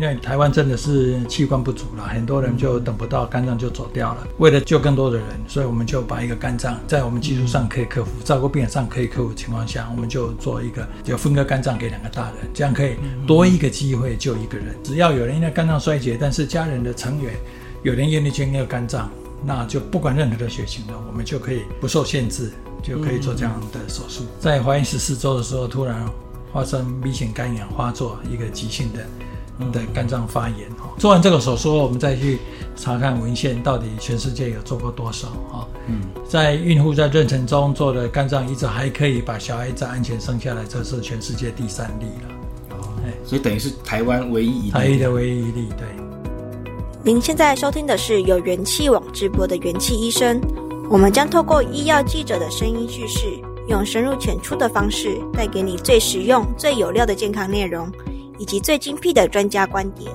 因為台灣真的是器官不足了，很多人就等不到肝臟就走掉了。為了救更多的人，所以我們就把一個肝臟在我們技術上可以克服、嗯、照顧病人上可以克服的情況下，我們就做一個，就分割肝臟給兩個大人，這樣可以多一個機會救一個人。嗯嗯、只要有人因為肝臟衰竭，但是家人的成員有人願意捐一個肝臟，那就不管任何的血型的，我們就可以不受限制，嗯、就可以做這樣的手術。嗯嗯、在懷孕十四周的時候，突然發生急性肝炎發作，一個急性的。的對、嗯、肝臟發炎，做完這個手術我們再去查看文獻，到底全世界有做過多少嗯、在孕婦在妊娠中做的肝臟移植，還可以把小孩子安全生下來，這是全世界第三例了。嗯、所以等於是台灣唯一一，台灣的唯一的唯一例，對。您現在收聽的是由元氣網直播的元氣醫生，我們將透過醫藥記者的聲音敘事，用深入淺出的方式，帶給你最實用、最有料的健康內容。以及最精闢的專家觀點。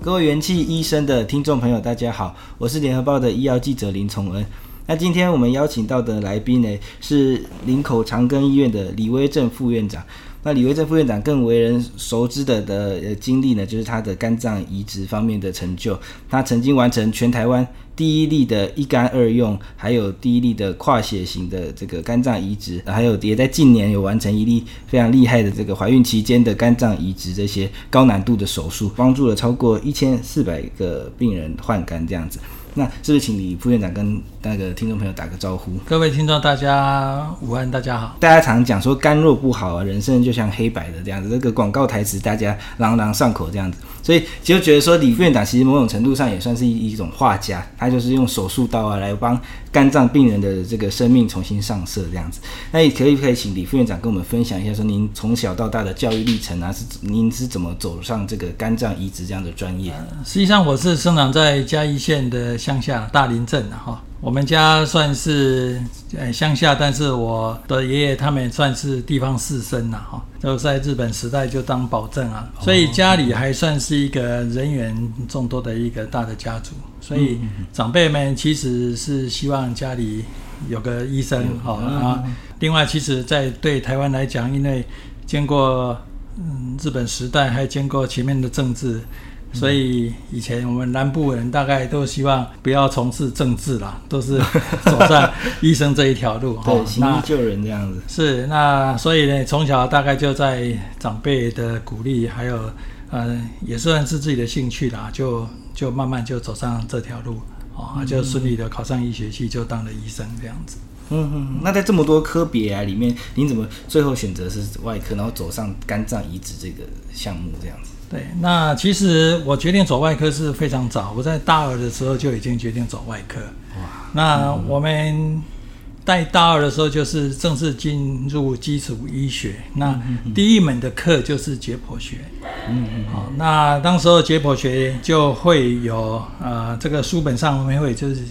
各位元氣醫生的聽眾朋友，大家好，我是聯合報的醫藥記者林琮恩。那今天我們邀請到的來賓呢，是林口長庚醫院的李威震副院長。那李威震副院長更為人熟知的的經歷呢，就是他的肝臟移植方面的成就。他曾經完成全台灣。第一例的一肝二用，還有第一例的跨血型的這個肝臟移植，還有也在近年有完成一例非常厲害的這個懷孕期間的肝臟移植，這些高難度的手術，幫助了超過一千四百個病人換肝這樣子。那是不是請李副院長跟那個聽眾朋友打個招呼？各位聽眾，大家午安。大家好。大家常常講說肝若不好啊，人生就像黑白的這樣子，這個廣告台詞大家朗朗上口這樣子。所以，就覺得說李副院長其實某種程度上也算是一種畫家，他就是用手術刀啊來幫肝臟病人的這個生命重新上色這樣子。那也可以可以請李副院長跟我們分享一下，說您從小到大的教育歷程啊，是您是怎麼走上這個肝臟移植這樣的專業？實際上，我是生長在嘉義縣的鄉下大林鎮的、啊、哈。我們家算是呃鄉下，但是我的爺爺他們也算是地方士紳呐，哈，就在日本時代就當保正啊，所以家裡還算是一個人員眾多的一個大的家族，所以長輩們其實是希望家裡有個醫生啊，啊。另外，其實，在對台灣來講，因為經過嗯日本時代，還經過前面的政治。所以以前我們南部的人大概都希望不要從事政治啦，都是走上醫生這一條路哈， 對，那行醫救人這樣子。是，那所以呢，從小大概就在長輩的鼓勵，還有嗯，也算是自己的興趣啦，就就慢慢就走上這條路啊，嗯、就順利的考上醫學系，就當了醫生這樣子。嗯嗯，那在這麼多科別啊裡面，你怎麼最後選擇是外科，然後走上肝臟移植這個項目這樣子？對，那其實我決定走外科是非常早，我在大二的時候就已經決定走外科。哇，那我們在大二的時候就是正式進入基礎醫學，那第一門的課就是解剖學。嗯嗯，嗯，嗯。好，那當時候解剖學就會有啊、呃，這個書本上面會就是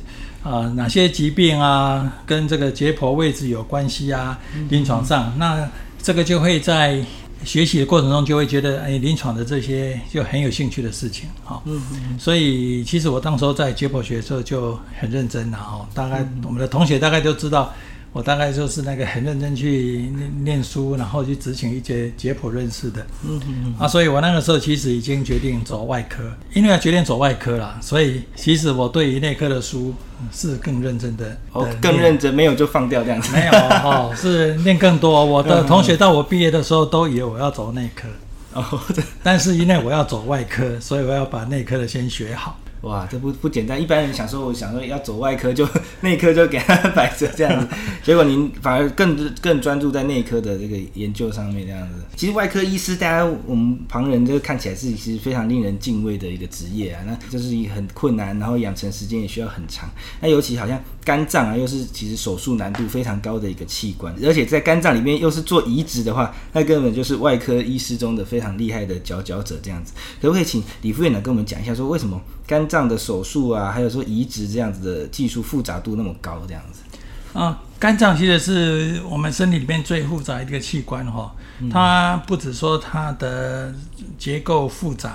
啊、呃，哪些疾病啊跟這個解剖位置有關係啊？臨、嗯嗯嗯、床上那這個就會在。學習的過程中就會覺得，哎，臨床的這些就很有興趣的事情，哈、哦。嗯嗯所以其實我當時在解剖學的時候就很認真了哦。大概嗯嗯我們的同學大概都知道。我大概就是那個很認真去念念書，然後去執行一些解剖認識的。嗯嗯啊，所以我那個時候其實已經決定走外科，因為要決定走外科了，所以其實我對於內科的書是更認真的。哦，念更認真，沒有就放掉這樣子。沒有哦，是念更多。我的同學到我畢業的時候都以為我要走內科，哦，但是因為我要走外科，所以我要把內科的先學好。哇，這不不簡單。一般人想說，我想說要走外科就，就內科就給他擺著這樣子。結果您反而更更專注在內科的這個研究上面這樣子。其實外科醫師，大家我們旁人就看起來是其實非常令人敬畏的一個職業啊。那就是一很困難，然後養成時間也需要很長。那尤其好像肝臟啊，又是其實手術難度非常高的一個器官，而且在肝臟裡面又是做移植的話，那根本就是外科醫師中的非常厲害的佼佼者這樣子。可不可以請李副院長跟我們講一下，說為什麼肝？臟的手術啊，還有說移植這樣子的技術複雜度那麼高，這樣子。啊，肝臟其實是我們身體裡面最複雜一個器官哈，它不只說它的結構複雜，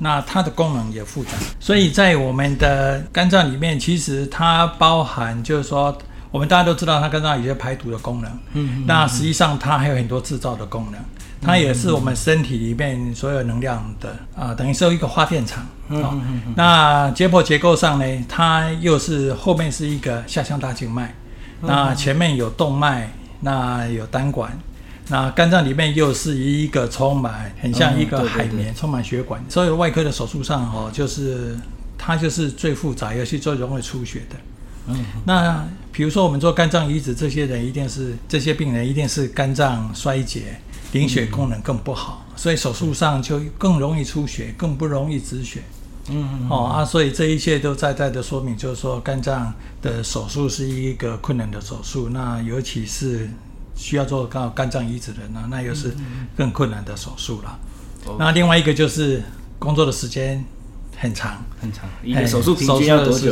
那它的功能也複雜。所以在我們的肝臟裡面，其實它包含就是說，我們大家都知道，它肝臟有些排毒的功能，嗯，嗯，嗯，嗯，那實際上它還有很多制造的功能。它也是我們身體裡面所有能量的、嗯、哼啊，等於是一個發電廠。嗯嗯嗯。那解剖結構上呢，它又是後面是一個下腔大靜脈，嗯、哼那前面有動脈，那有膽管，那肝臟裡面又是一個充滿，很像一個海綿，嗯、對對對充滿血管。所有外科的手術上哦，就是它就是最複雜，尤其最容易出血的。嗯哼。那比如說我們做肝臟移植，這些人一定是這些病人一定是肝臟衰竭。凝血功能更不好，嗯嗯所以手術上就更容易出血，嗯、更不容易止血。嗯，嗯，嗯，哦啊，所以這一切都在在的說明，就是說肝臟的手術是一個困難的手術。那尤其是需要做肝肝臟移植的那那又是更困難的手術了。嗯嗯那另外一個就是工作的時間很長，很長，嗯、手術平均要多久？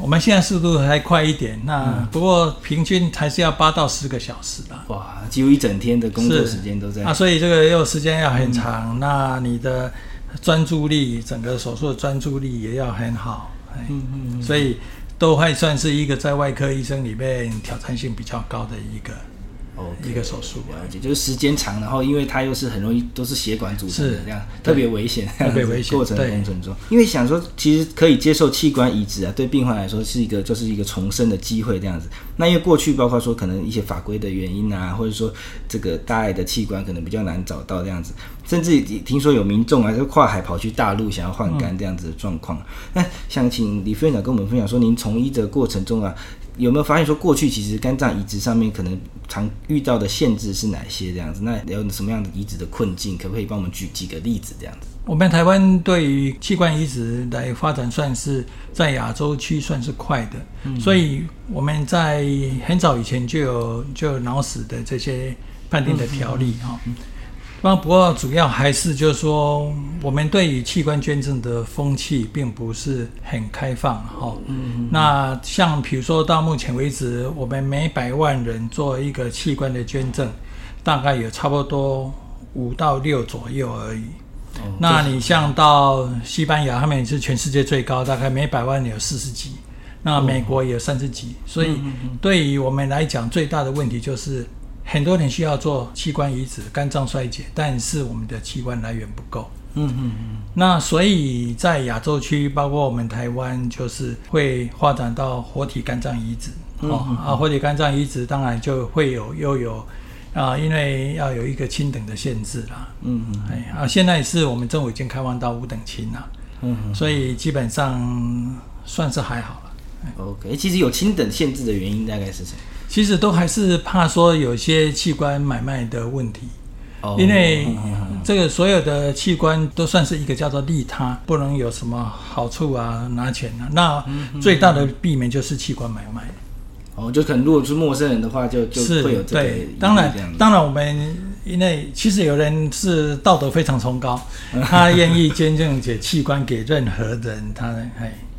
我們現在速度還快一點，那不過平均還是要八到十個小時吧。哇，幾乎一整天的工作時間都在啊，所以這個又時間要很長，嗯、那你的專注力，整個手術的專注力也要很好。哎、嗯、嗯嗯，所以都還算是一個在外科醫生裡面挑戰性比較高的一個。哦，okay, 對一個手術啊，就是時間長，然後因為它又是很容易都是血管組成的這樣，特別危險，特別危險。過程過程中，對因為想說其實可以接受器官移植啊，對病患來說是一個、嗯、就是一個重生的機會這樣子。那因為過去包括說可能一些法規的原因啊，或者說這個大愛的器官可能比較難找到這樣子，甚至聽說有民眾啊，就跨海跑去大陸想要換肝這樣子的狀況。那想、嗯、請李副院長跟我們分享說，您從醫的過程中啊。有沒有發現說過去其實肝臟移植上面可能常遇到的限制是哪些這樣子？那有什麼樣的移植的困境？可不可以幫我們舉幾個例子這樣子？我們台灣對於器官移植來發展算是在亞洲區算是快的，嗯、所以我們在很早以前就有就有腦死的這些判定的條例哈。嗯嗯嗯哦。那不過主要還是就是說，我們對於器官捐贈的風氣並不是很開放哈。哦、嗯嗯嗯，那像比如說到目前為止，我們每百萬人做一個器官的捐贈，大概有差不多五到六左右而已。嗯、那你像到西班牙，他們也是全世界最高，大概每百萬人有四十幾。那美國也有三十幾，所以對於我們來講，最大的問題就是。很多人需要做器官移植，肝臟衰竭，但是我們的器官來源不夠。嗯嗯嗯。那所以，在亞洲區，包括我們台灣，就是會發展到活體肝臟移植。哦、嗯嗯，啊，活體肝臟移植當然就會有又有啊，因為要有一個親等的限制啦。嗯嗯哎啊，現在是我們政府已經開放到五等親了。嗯哼嗯哼。所以基本上算是還好了。OK，其實有親等限制的原因大概是誰？其實都還是怕說有些器官買賣的問題，哦、因為這個所有的器官都算是一個叫做利他，不能有什麼好處啊、拿錢啊。那最大的避免就是器官買賣。哦，就可能如果是陌生人的話就，就就是對，當然，當然我們因為其實有人是道德非常崇高，嗯、他願意捐贈些器官給任何人，他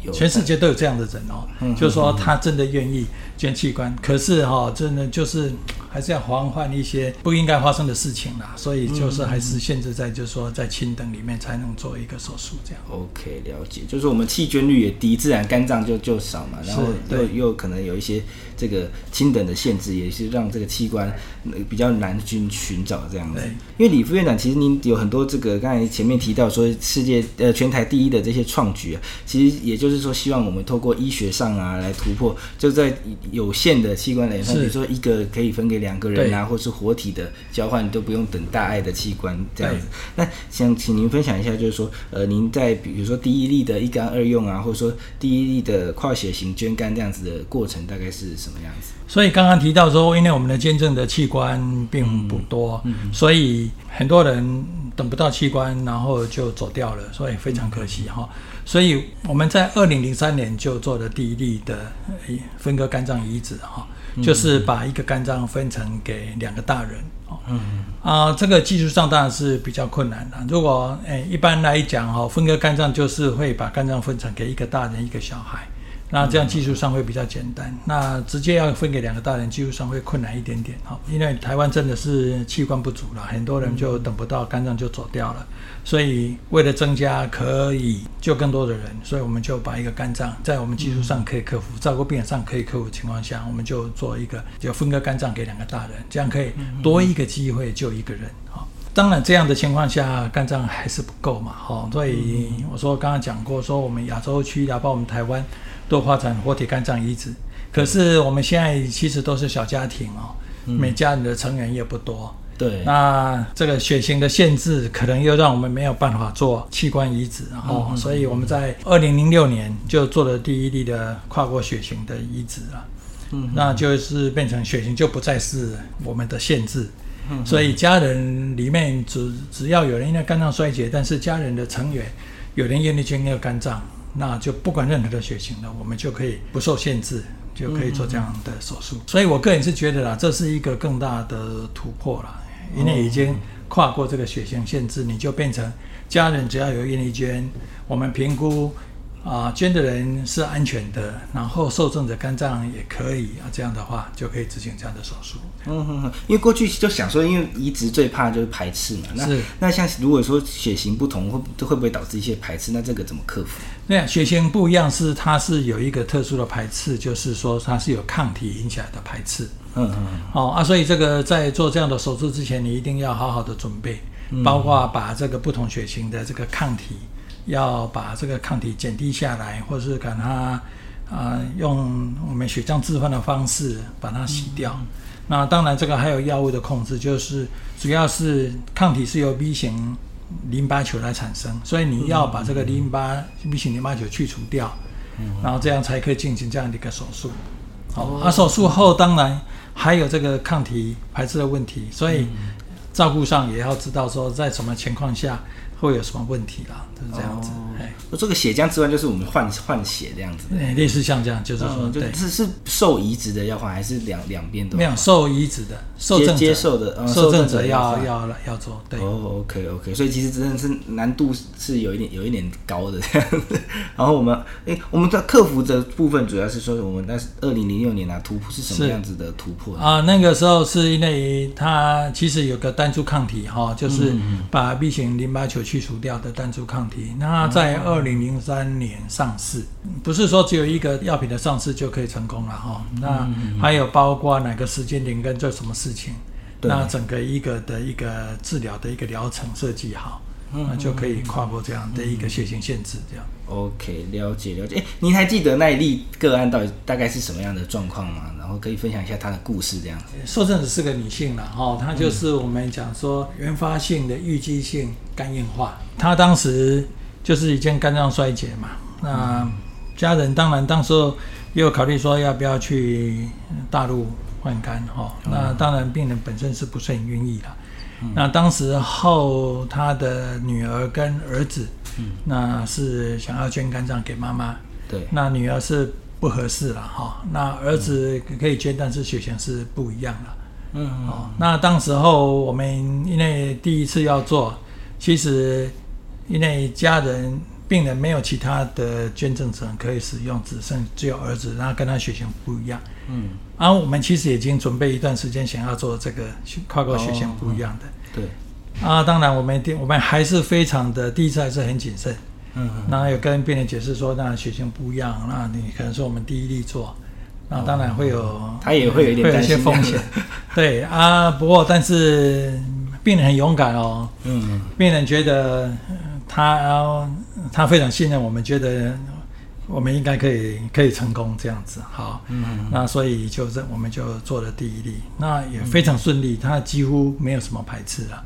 有全世界都有這樣的人哦，嗯、哼哼哼就是說他真的願意捐器官，嗯、哼哼可是哈、哦，真的就是還是要防範一些不應該發生的事情啦，所以就是還是限制在、嗯、哼哼就是說在親等裡面才能做一個手術這樣。OK，了解，就是我們器捐率也低，自然肝臟就就少嘛，然後又對又可能有一些。這個親等的限制也是讓這個器官比較難去尋找這樣子。因為李副院長，其實您有很多這個剛才前面提到說世界呃全台第一的這些創舉啊，其實也就是說希望我們透過醫學上啊來突破，就在有限的器官來說，比如說一個可以分給兩個人啊，或是活體的交換都不用等大愛的器官這樣子。那想請您分享一下，就是說呃您在比如說第一例的一肝二用啊，或者說第一例的跨血型捐肝這樣子的過程大概是什？樣子。所以剛剛提到說，因為我們的捐贈的器官並不多，嗯嗯、所以很多人等不到器官，然後就走掉了，所以非常可惜哈。嗯、所以我們在二零零三年就做了第一例的分割肝臟移植哈，就是把一個肝臟分成給兩個大人哦，啊、嗯呃，這個技術上當然是比較困難的。如果誒，一般來講哈，分割肝臟就是會把肝臟分成給一個大人一個小孩。那這樣技術上會比較簡單。嗯嗯、那直接要分給兩個大人，技術上會困難一點點。因為台灣真的是器官不足了，很多人就等不到肝臟就走掉了。嗯、所以為了增加可以救更多的人，所以我們就把一個肝臟在我們技術上可以克服、嗯、照顧病人上可以克服的情況下，我們就做一個，就分割肝臟給兩個大人，這樣可以多一個機會救一個人。嗯嗯、當然這樣的情況下，肝臟還是不夠嘛。所以我說剛剛講過，說我們亞洲區，包括我們台灣，多發展活體肝臟移植，可是我們現在其實都是小家庭哦，嗯、每家人的成員也不多。對，那這個血型的限制可能又讓我們沒有辦法做器官移植然後、哦嗯嗯、所以我們在二零零六年就做了第一例的跨國血型的移植了，嗯、哼那就是變成血型就不再是我們的限制，嗯、哼所以家人裡面只只要有人因為肝臟衰竭，但是家人的成員有人願意捐一個肝臟。那就不管任何的血型了，我們就可以不受限制，就可以做這樣的手術。嗯、所以我個人是覺得啦，這是一個更大的突破了，因為已經跨過這個血型限制，嗯、你就變成家人只要有意願捐，我們評估。啊，捐的人是安全的，然後受贈者肝臟也可以啊，這樣的話就可以執行這樣的手術。嗯哼、嗯嗯，因為過去就想說，因為移植最怕就是排斥嘛。是那。那像如果說血型不同會，會不會導致一些排斥？那這個怎麼克服？那、啊、血型不一樣是，它是有一個特殊的排斥，就是說它是有抗體引起的排斥。嗯嗯。哦、嗯、啊，所以這個在做這樣的手術之前，你一定要好好的準備，嗯、包括把這個不同血型的這個抗體，要把這個抗體減低下來，或是把它啊、呃、用我們血漿置換的方式把它洗掉。嗯、那當然，這個還有藥物的控制，就是主要是抗體是由 B 型淋巴球來產生，所以你要把這個淋巴 B、嗯嗯、型淋巴球去除掉，嗯、然後這樣才可以進行這樣的一個手術。好，而、哦啊、手術後當然還有這個抗體排斥的問題，所以照顧上也要知道說在什麼情況下。會有什麼問題啦、啊？就是這樣子。Oh. 我個血漿置換就是我們換換血這樣子對，類似像這樣，就是說，哦、就對是是受移植的要換，還是兩兩邊都沒有受移植的，受接受的，哦、受贈者要要要，要做。對，哦，OK，OK、okay, okay，所以其實真的是難度是有一點有一點高的。這樣子，然後我們，哎，我們在克服的部分，主要是說我們那是二零零六年啊，突破是什麼樣子的突破？啊、呃，那個時候是因為他其實有個單株抗體哈、哦，就是把 B 型淋巴球去除掉的單株抗體，嗯、那在二二零零三年上市，不是說只有一個藥品的上市就可以成功了哈。那還有包括哪個時間點跟做什麼事情，對那整個一個的一個治療的一個療程設計好，那就可以跨過這樣的一個血型限制這樣。OK，了解了解。哎，你還記得那一例個案到底大概是什麼樣的狀況嗎？然後可以分享一下他的故事這樣說，受贈者是個女性了哈，她就是我們講說原發性的淤積性肝硬化，她當時。就是已經肝臟衰竭嘛，那家人當然當時又考慮說要不要去大陸換肝哈，嗯哦，那當然病人本身是不是很願意啦。嗯、那當時候他的女兒跟兒子，嗯、那是想要捐肝臟給媽媽，對，那女兒是不合適了哈，哦，那兒子可以捐，嗯、但是血型是不一樣了嗯，嗯，哦，那當時候我們因為第一次要做，其實。因為家人病人沒有其他的捐贈者可以使用，只剩只有兒子，然後跟他血型不一樣。嗯，啊，我們其實已經準備一段時間，想要做這個跨過血型不一樣的。哦啊、對，啊，當然我們我們還是非常的第一次，還是很謹慎。嗯哼，然後有跟病人解釋說，那血型不一樣，那你可能說我們第一例做，那當然會有、哦嗯、他也會有一點擔心，會有些風險。 對啊，不過但是病人很勇敢哦。嗯嗯哼，病人覺得。他他非常信任我們，覺得我們應該可以可以成功這樣子。嗯、好，嗯、那所以就是我們就做了第一例，那也非常順利，嗯、他幾乎沒有什麼排斥了、啊。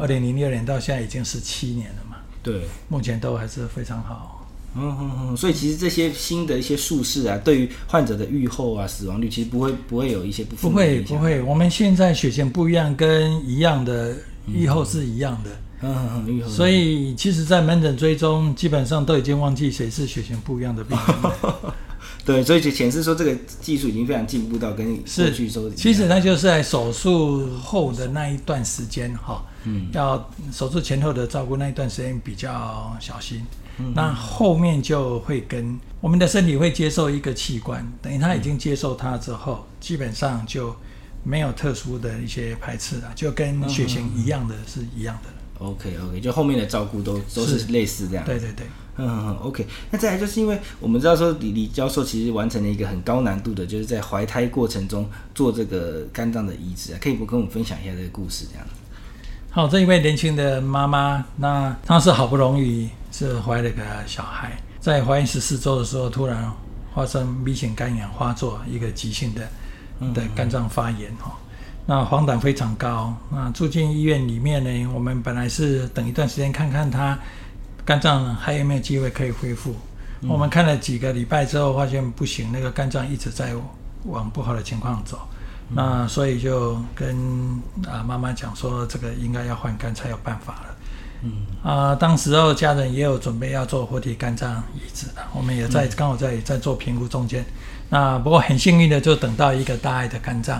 二零零六年到現在已經十七年了嘛。對，目前都還是非常好。嗯嗯嗯。所以其實這些新的一些術式啊，對於患者的預後啊、死亡率其實不會不會有一些不不會。不會，我們現在血型不一樣，跟一樣的預後是一樣的。嗯嗯嗯，所以其實在、在門診追蹤基本上都已經忘記誰是血型不一樣的病人。 對，所以就顯示說，這個技術已經非常進步到跟過去說。其實那就是在手術後的那一段時間，哈，嗯，要手術前後的照顧那一段時間比較小心。嗯嗯，那後面就會跟我們的身體會接受一個器官，等於它已經接受它之後，嗯、基本上就沒有特殊的一些排斥了、啊，就跟血型一樣的是一樣的了。嗯嗯嗯 OK，OK，okay, okay, 就後面的照顧都都是類似這樣的。對對對，嗯，OK。那再來，就是因為我們知道說李李教授其實完成了一個很高難度的，就是在懷胎過程中做這個肝臟的移植，啊，可以不跟我們分享一下這個故事這樣子？好，這一位年輕的媽媽，那她是好不容易是懷了個小孩，在懷孕十四周的時候，突然發生危險肝炎發作，一個急性的、嗯、的肝臟發炎哈。那黃疸非常高，那住進醫院裡面呢，我們本來是等一段時間看看他肝臟還有沒有機會可以恢復。嗯、我們看了幾個禮拜之後，發現不行，那個肝臟一直在往不好的情況走。嗯、那所以就跟啊媽媽講說，這個應該要換肝才有辦法了。嗯啊，當時候家人也有準備要做活體肝臟移植的，我們也在嗯、剛好在在做評估中間。那不過很幸運的，就等到一個大愛的肝臟。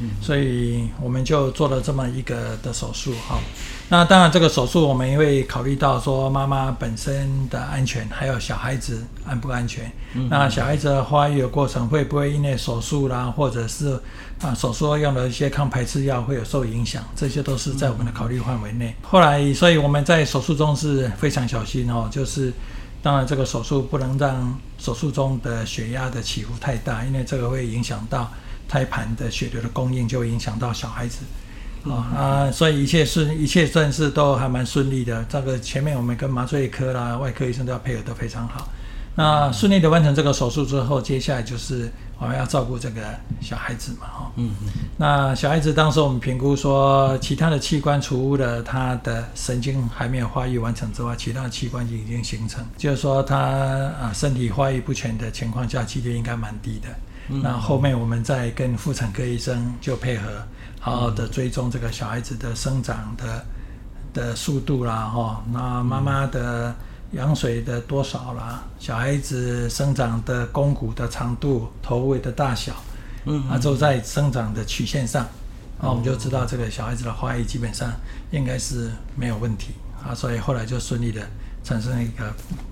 嗯，所以我們就做了這麼一個的手術哈、哦。那當然，這個手術我們也會考慮到說媽媽本身的安全，還有小孩子安不安全。嗯、那小孩子的發育的過程會不會因為手術啦，或者是啊手術用的一些抗排斥藥會有受影響？這些都是在我們的考慮範圍內。嗯嗯、後來，所以我們在手術中是非常小心哦。就是當然，這個手術不能讓手術中的血壓的起伏太大，因為這個會影響到。胎盤的血流的供應就影響到小孩子，啊、嗯、哼啊，所以一切順一切算是都還蠻順利的。這個前面我們跟麻醉科啦、外科醫生都要配合，都非常好。嗯、哼那順利的完成這個手術之後，接下來就是我們要照顧這個小孩子嘛，哈、嗯哼。嗯。那小孩子當時我們評估說，其他的器官除了他的神經還沒有發育完成之外，其他的器官已經形成，就是說他啊身體發育不全的情況下，幾率應該蠻低的。那後面我們再跟婦產科醫生就配合，好好的追蹤這個小孩子的生長的的速度啦，哈，那媽媽的羊水的多少啦？小孩子生長的肱骨的長度、頭圍的大小，嗯，啊，都在生長的曲線上，那我們就知道這個小孩子的發育基本上應該是沒有問題，啊，所以後來就順利的。產生一個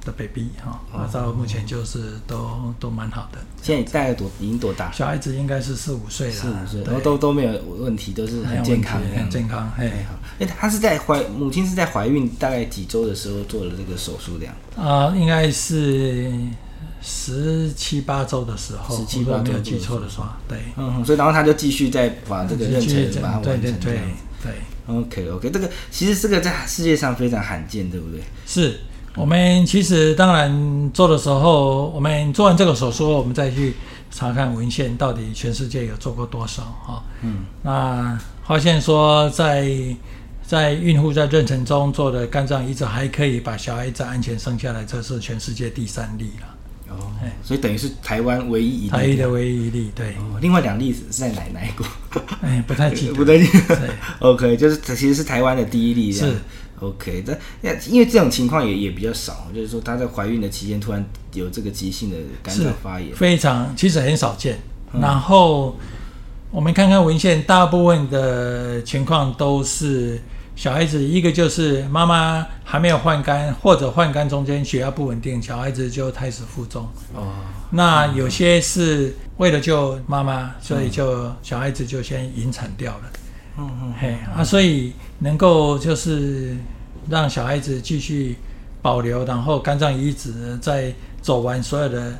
的 baby 哈，到目前就是都都蠻好的。現在大概多已經多大？小孩子應該是四五歲了，四五歲，都都都沒有問題，都是很健康，很健康。哎，好，哎，他是在懷母親是在懷孕大概幾周的時候做的這個手術量？啊，應該是十七八周的時候，十七八周，沒有記錯的時候，對。嗯，所以然後他就繼續再把這個妊娠把它完完成這樣對 OK，OK，okay, okay. 這個其實這個在世界上非常罕見，對不對？是我們其實當然做的時候，我們做完這個手術，我們再去查看文獻，到底全世界有做過多少啊？哦、嗯，那發現說在在孕婦在妊娠中做的肝臟移植，還可以把小孩子安全生下來，這是全世界第三例了。所以等於是台灣唯一一例，唯一的唯一一例，對，另外兩例子是在奶奶國哎、 欸，不太清楚，不太清楚。 OK，就是這其實是台灣的第一例這，是 OK，因為這種情況也也比較少，就是說她在懷孕的期間突然有這個急性的肝臟發炎，非常其實很少見。然後我們看看文獻，大部分的情況都是。小孩子一個就是媽媽還沒有換肝，或者換肝中間血壓不穩定，小孩子就胎死腹中。哦，那有些是為了救媽媽，嗯、所以就小孩子就先引產掉了。嗯嗯，嗯嗯嘿啊，嗯、所以能夠就是讓小孩子繼續保留，然後肝臟移植再走完所有的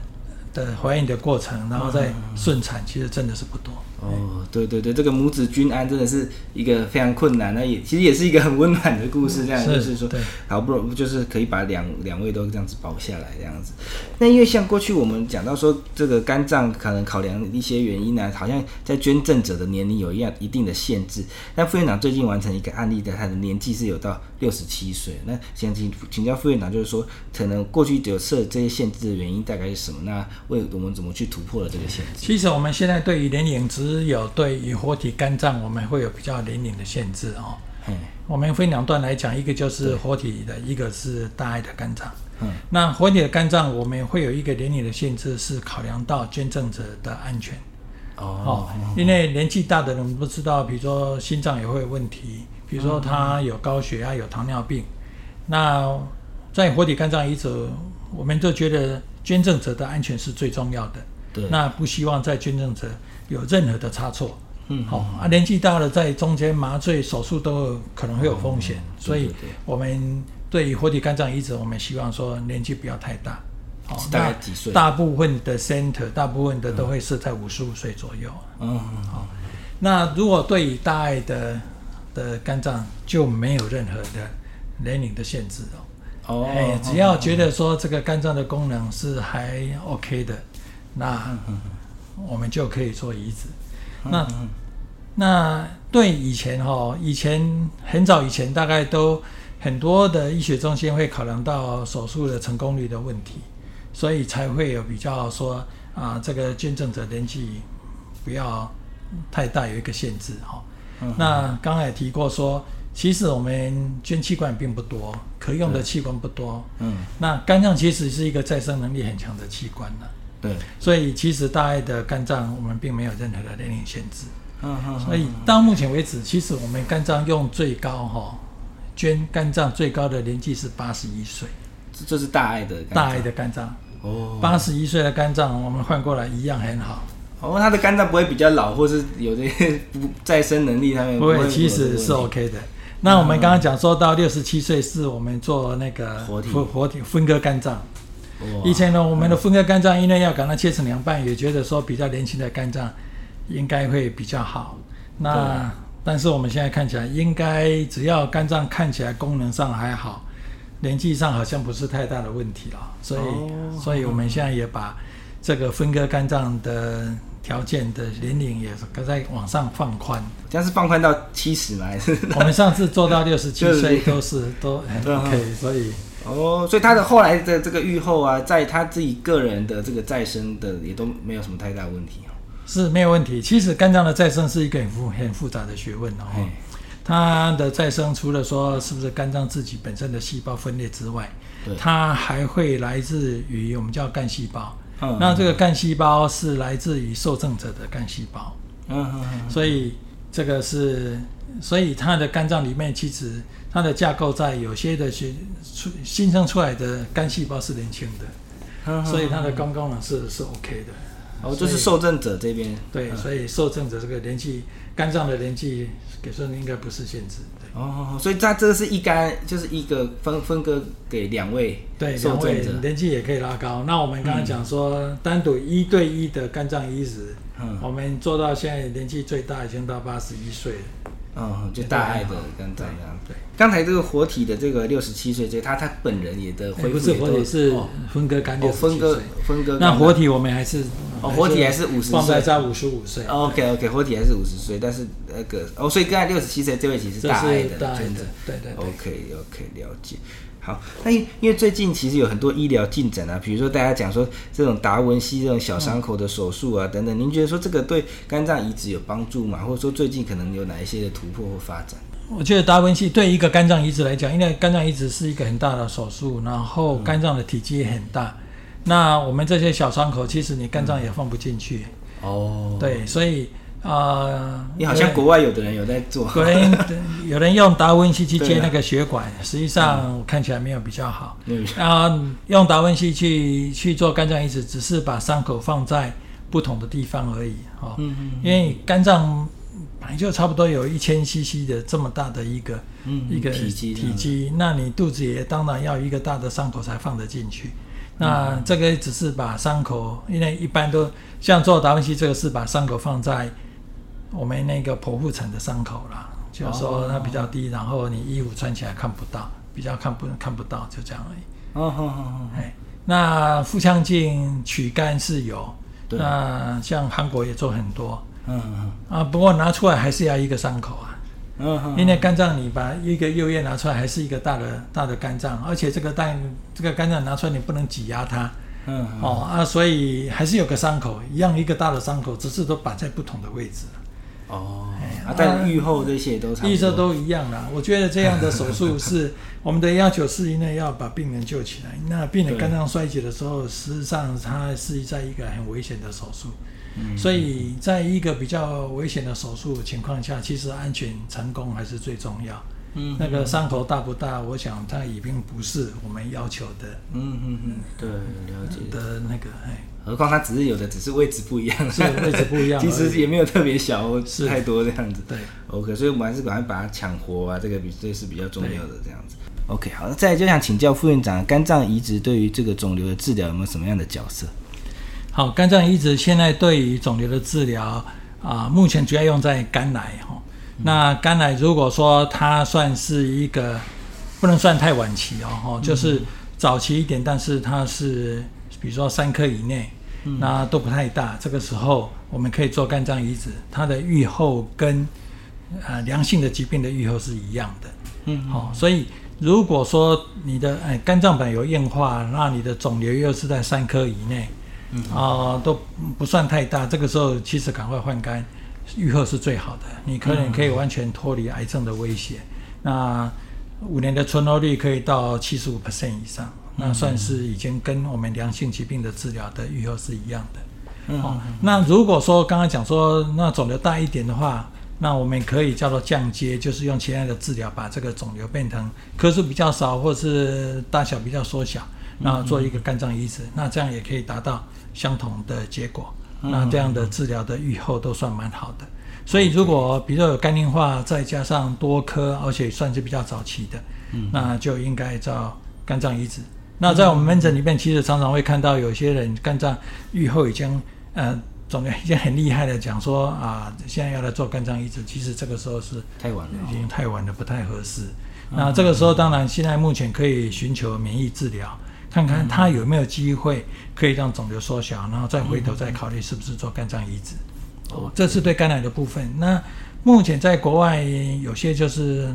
的懷孕的過程，然後再順產，嗯嗯嗯、其實真的是不多。哦，對對對，這個母子均安真的是一個非常困難，那也其實也是一個很溫暖的故事，這樣是就是說，對好不容易就是可以把兩兩位都這樣子保下來這樣子。那因為像過去我們講到說，這個肝臟可能考量一些原因呢、啊，好像在捐贈者的年齡有一樣一定的限制。那副院長最近完成一個案例的，他的年紀是有到六十七歲。那先請請教副院長，就是說，可能過去只有設這些限制的原因大概是什麼？那為我們怎麼去突破了這個限制？其實我們現在對於年齡值。只有對於活體肝臟，我們會有比較年齡的限制哦。我們分兩段來講，一個就是活體的，一個是大愛的肝臟。嗯，那活體的肝臟我們會有一個年齡的限制，是考量到捐贈者的安全。哦，因為年紀大的人不知道，比如說心臟也會有問題，比如說他有高血壓、有糖尿病。那在活體肝臟移植，我們就覺得捐贈者的安全是最重要的。對，那不希望在捐贈者。有任何的差錯，嗯，好啊，年紀大了，在中間麻醉手術都可能會有風險，所以我們對於活體肝臟移植，我們希望說年紀不要太大，哦，大概幾歲？大部分的 center，大部分的都會是在五十五歲左右，嗯，好。那如果對於大愛的的肝臟，就沒有任何的年齡的限制哦，只要覺得說這個肝臟的功能是還 OK 的，那。我們就可以做移植。嗯嗯那那對以前哈、哦，以前很早以前，大概都很多的醫學中心會考量到手術的成功率的問題，所以才會有比較說啊，這個捐贈者年紀不要太大，有一個限制哈、哦。嗯嗯嗯那剛才也提過說，其實我們捐器官並不多，可用的器官不多。是嗯，那肝臟其實是一個再生能力很強的器官呢、啊。對，所以其實大愛的肝臟我們並沒有任何的年齡限制。嗯哼、啊。所、啊、以、啊、到目前為止，對，其實我們肝臟用最高哈，捐肝臟最高的年紀是八十一歲。這這是大愛的肝大愛的肝臟哦，八十一歲的肝臟我們換過來一樣很好。哦，他的肝臟不會比較老，或是有那些不再生能力，他們不會，有不會，其實是 OK 的。嗯、那我們剛剛講說到六十七歲是我們做那個活體活體，體分割肝臟。以前呢，哇我們的分割肝臟因為要把它切成兩半，嗯、也覺得說比較年輕的肝臟應該會比較好。那對但是我們現在看起來，應該只要肝臟看起來功能上還好，年紀上好像不是太大的問題了。所以，哦、所以我們現在也把這個分割肝臟的條件的年齡也擱在往上放寬。這樣是放寬到七十來？我們上次做到六十七歲都是，是都很 OK，所以。哦，oh, 所以他的後來的這個預後啊，在他自己個人的這個再生的也都沒有什麼太大問題，哦、是沒有問題。其實肝臟的再生是一個很複、嗯、很複雜的學問哦。嗯、它的再生除了說是不是肝臟自己本身的細胞分裂之外，對，它還會來自於我們叫幹細胞。嗯嗯嗯，那這個幹細胞是來自於受贈者的幹細胞。嗯嗯嗯，嗯、啊。所以這個是，所以他的肝臟裡面其實。它的架構在有些的新出新生出來的肝細胞是年輕的，呵呵所以，它的功能是、嗯、是 OK 的。哦，這是、哦，就是受贈者這邊。對，嗯、所以受贈者這個年紀，肝臟的年紀給受應該不是限制。對，哦哦，所以它這個是一肝就是一個分分割，給兩位對，兩位年紀也可以拉高。嗯、那我們剛剛講說，單獨一對一的肝臟移植，嗯、我們做到現在年紀最大已經到八十一歲了。哦、嗯，就大愛的剛這樣。對。剛才這個活體的這個六十七歲，這他他本人也的回也、欸，不是活體是分割肝的，哦分割分割。分割那活體我們還是哦活體還是五十歲，放在在五十五歲。OK OK，活體還是五十歲，但是那個哦，所以剛才六十七歲這位其實是大愛的是大愛的，真的，對對對。OK OK，了解。好，那因因為最近其實有很多醫療進展啊，比如說大家講說這種達文西這種小傷口的手術啊等等，您覺得說這個對肝臟移植有幫助嗎？或者說最近可能有哪一些的突破或發展？我覺得達文西對一個肝臟移植來講，因為肝臟移植是一個很大的手術，然後肝臟的體積也很大，嗯、那我們這些小傷口其實你肝臟也放不進去、嗯。哦，對，所以。呃，好像國外有的人有在做，可能、呃、有人用達文西去接那個血管，啊、實際上、嗯、我看起來沒有比較好。啊，然後用達文西去去做肝臟移植，只是把傷口放在不同的地方而已。哦，嗯哼嗯哼，因為肝臟本來就差不多有一千 CC 的這麼大的一個、嗯、一個體積，體積，那你肚子也當然要一個大的傷口才放得進去。嗯、那這個只是把傷口，因為一般都像做達文西這個是把傷口放在。我們那個剖腹產的傷口啦，就是說它比較低，oh, 然後你衣服穿起來看不到，比較看不看不到，就這樣而已。Oh, oh, oh, oh. 那腹腔鏡取肝是有，對那像韓國也做很多。嗯嗯。啊，不過拿出來還是要一個傷口啊。嗯哼。因為肝臟你把一個右葉拿出來，還是一個大的大的肝臟，而且這個蛋這個肝臟拿出來你不能擠壓它。嗯、oh, oh. 哦。哦啊，所以還是有個傷口，一樣一個大的傷口，只是都擺在不同的位置。哦，哎，但預後這些都差不多，醫生都一樣的。我覺得這樣的手術是我們的要求，是因為要把病人救起來。那病人肝臟衰竭的時候，實際上他是在一個很危險的手術。嗯，所以在一個比較危險的手術情況下，其實安全成功還是最重要。嗯，那個傷口大不大，我想它已經不是我們要求的。嗯嗯嗯，對，了解。的那個哎。何況它只是有的，只是位置不一樣，所以位置不一樣。 其實也沒有特別小，是吃太多這樣子。對，OK，所以我們還是趕快把它搶活啊，這個比這個是比較重要的這樣子。對 OK，好，再來就想請教副院長，肝臟移植對於這個腫瘤的治療有沒有什麼樣的角色？好，肝臟移植現在對於腫瘤的治療啊、呃，目前主要用在肝癌哈。嗯、那肝癌如果說它算是一個不能算太晚期哦，就是早期一點，嗯、但是它是。比如說三顆以內，嗯、那都不太大。這個時候我們可以做肝臟移植，它的預後跟呃良性的疾病的預後是一樣的。嗯，嗯，好、哦，所以如果說你的呃、哎、肝臟板有硬化，那你的腫瘤又是在三顆以內，啊、嗯嗯呃、都不算太大。這個時候其實趕快換肝，預後是最好的。你可能可以完全脫離癌症的威脅，嗯、那五年的存活率可以到七十五 percent 以上。那算是已經跟我們良性疾病的治療的預後是一樣的。嗯，哦、嗯，那如果說剛剛講說那腫瘤大一點的話，那我們可以叫做降階，就是用其他的治療把這個腫瘤變成顆數比較少，或是大小比較縮小，然後做一個肝臟移植，嗯、那這樣也可以達到相同的結果。嗯、那這樣的治療的預後都算蠻好的。嗯、所以如果比如說有肝硬化再加上多顆，而且算是比較早期的，嗯、那就應該叫肝臟移植。那在我們門診裡面，其實常常會看到有些人肝臟愈後已經呃腫瘤已經很厲害的講說啊，呃，現在要來做肝臟移植，其實這個時候是太晚了，已經太晚了，不太合適。那這個時候當然現在目前可以尋求免疫治療，看看他有沒有機會可以讓腫瘤縮小，然後再回頭再考慮是不是做肝臟移植。哦，這是對肝癌的部分。那目前在國外有些就是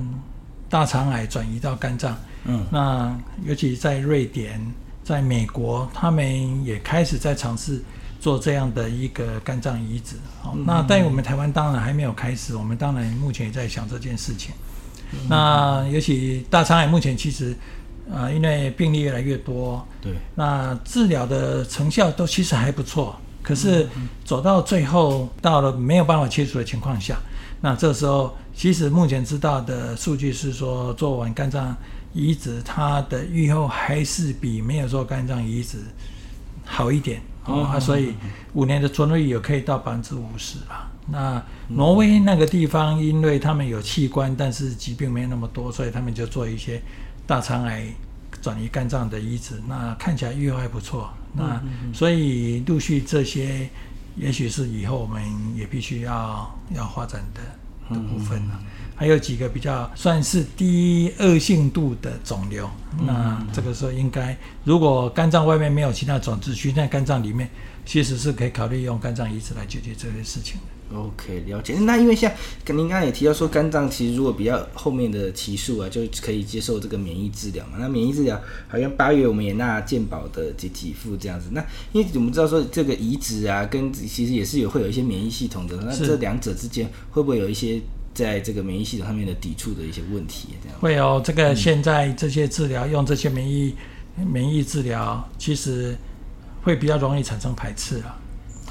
大腸癌轉移到肝臟。嗯，那尤其在瑞典、在美國，他們也開始在嘗試做這樣的一個肝臟移植。好、嗯，那在我們台灣當然還沒有開始，我們當然目前也在想這件事情。嗯、那尤其大腸癌目前其實，呃，因為病例越來越多，對，那治療的成效都其實還不錯。可是走到最後，到了沒有辦法切除的情況下，那這時候其實目前知道的數據是說，做完肝臟移植，它的預後還是比沒有做肝臟移植好一點、嗯、哦，所以五年的存活率也可以到百分之五十吧？那挪威那個地方，因為他們有器官，但是疾病沒有那麼多，所以他們就做一些大腸癌轉移肝臟的移植，那看起來預後還不錯。那、嗯嗯、所以陸續這些，也許是以後我們也必須要要發展的的部分了、啊。嗯還有幾個比較算是低惡性度的腫瘤，嗯嗯嗯那這個時候應該，如果肝臟外面沒有其他種子，區，那肝臟裡面其實是可以考慮用肝臟移植來解決這些事情的。OK，了解。那因為像您剛才也提到說，肝臟其實如果比較後面的期數啊，就可以接受這個免疫治療嘛。那免疫治療好像八月我們也納健保的給給付這樣子。那因為我們知道說這個移植啊，跟其實也是有會有一些免疫系統的，那這兩者之間會不會有一些？在這個免疫系統上面的抵觸的一些問題，這樣會有、哦、這個現在這些治療、嗯、用這些免疫免疫治療，其實會比較容易產生排斥了、啊。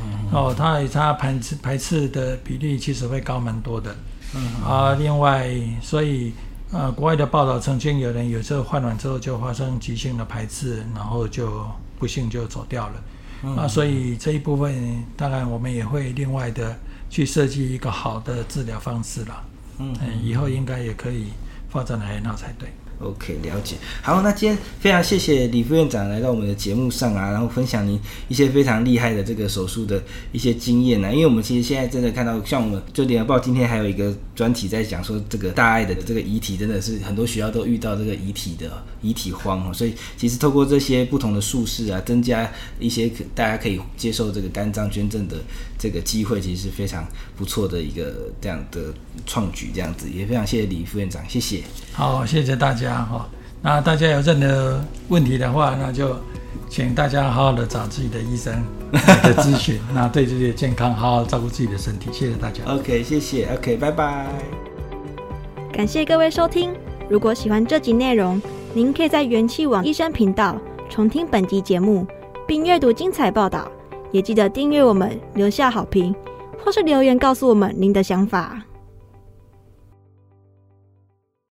嗯、哼哦，它它排斥排斥的比例其實會高蠻多的。嗯哼啊，另外，所以呃，國外的報道曾經有人有時候換肝之後就發生急性的排斥，然後就不幸就走掉了。嗯、哼啊，所以這一部分當然我們也會另外的。去設計一個好的治療方式了，嗯，嗯，嗯，以後應該也可以發展起來才對。OK，了解。好，那今天非常謝謝李副院長來到我們的節目上啊，然後分享您一些非常厲害的這個手術的一些經驗呢、啊。因為我們其實現在真的看到，像我們就聯合報今天還有一個專題在講說，這個大愛的這個遺體真的是很多學校都遇到這個遺體的遺體荒哦，所以其實透過這些不同的術式啊，增加一些可大家可以接受這個肝臟捐贈的這個機會，其實是非常不錯的一個這樣的創舉。這樣子也非常謝謝李副院長，謝謝。好，謝謝大家。好、哦，那大家有任何問題的話，那就請大家好好的找自己的醫生的諮詢。 那對自己的健康，好好照顧自己的身體，謝謝大家。OK，謝謝。OK，拜拜。感謝各位收聽。如果喜歡這集內容，您可以在元氣網醫生頻道重聽本集節目，並閱讀精彩報道。也記得訂閱我們，留下好評，或是留言告訴我們您的想法。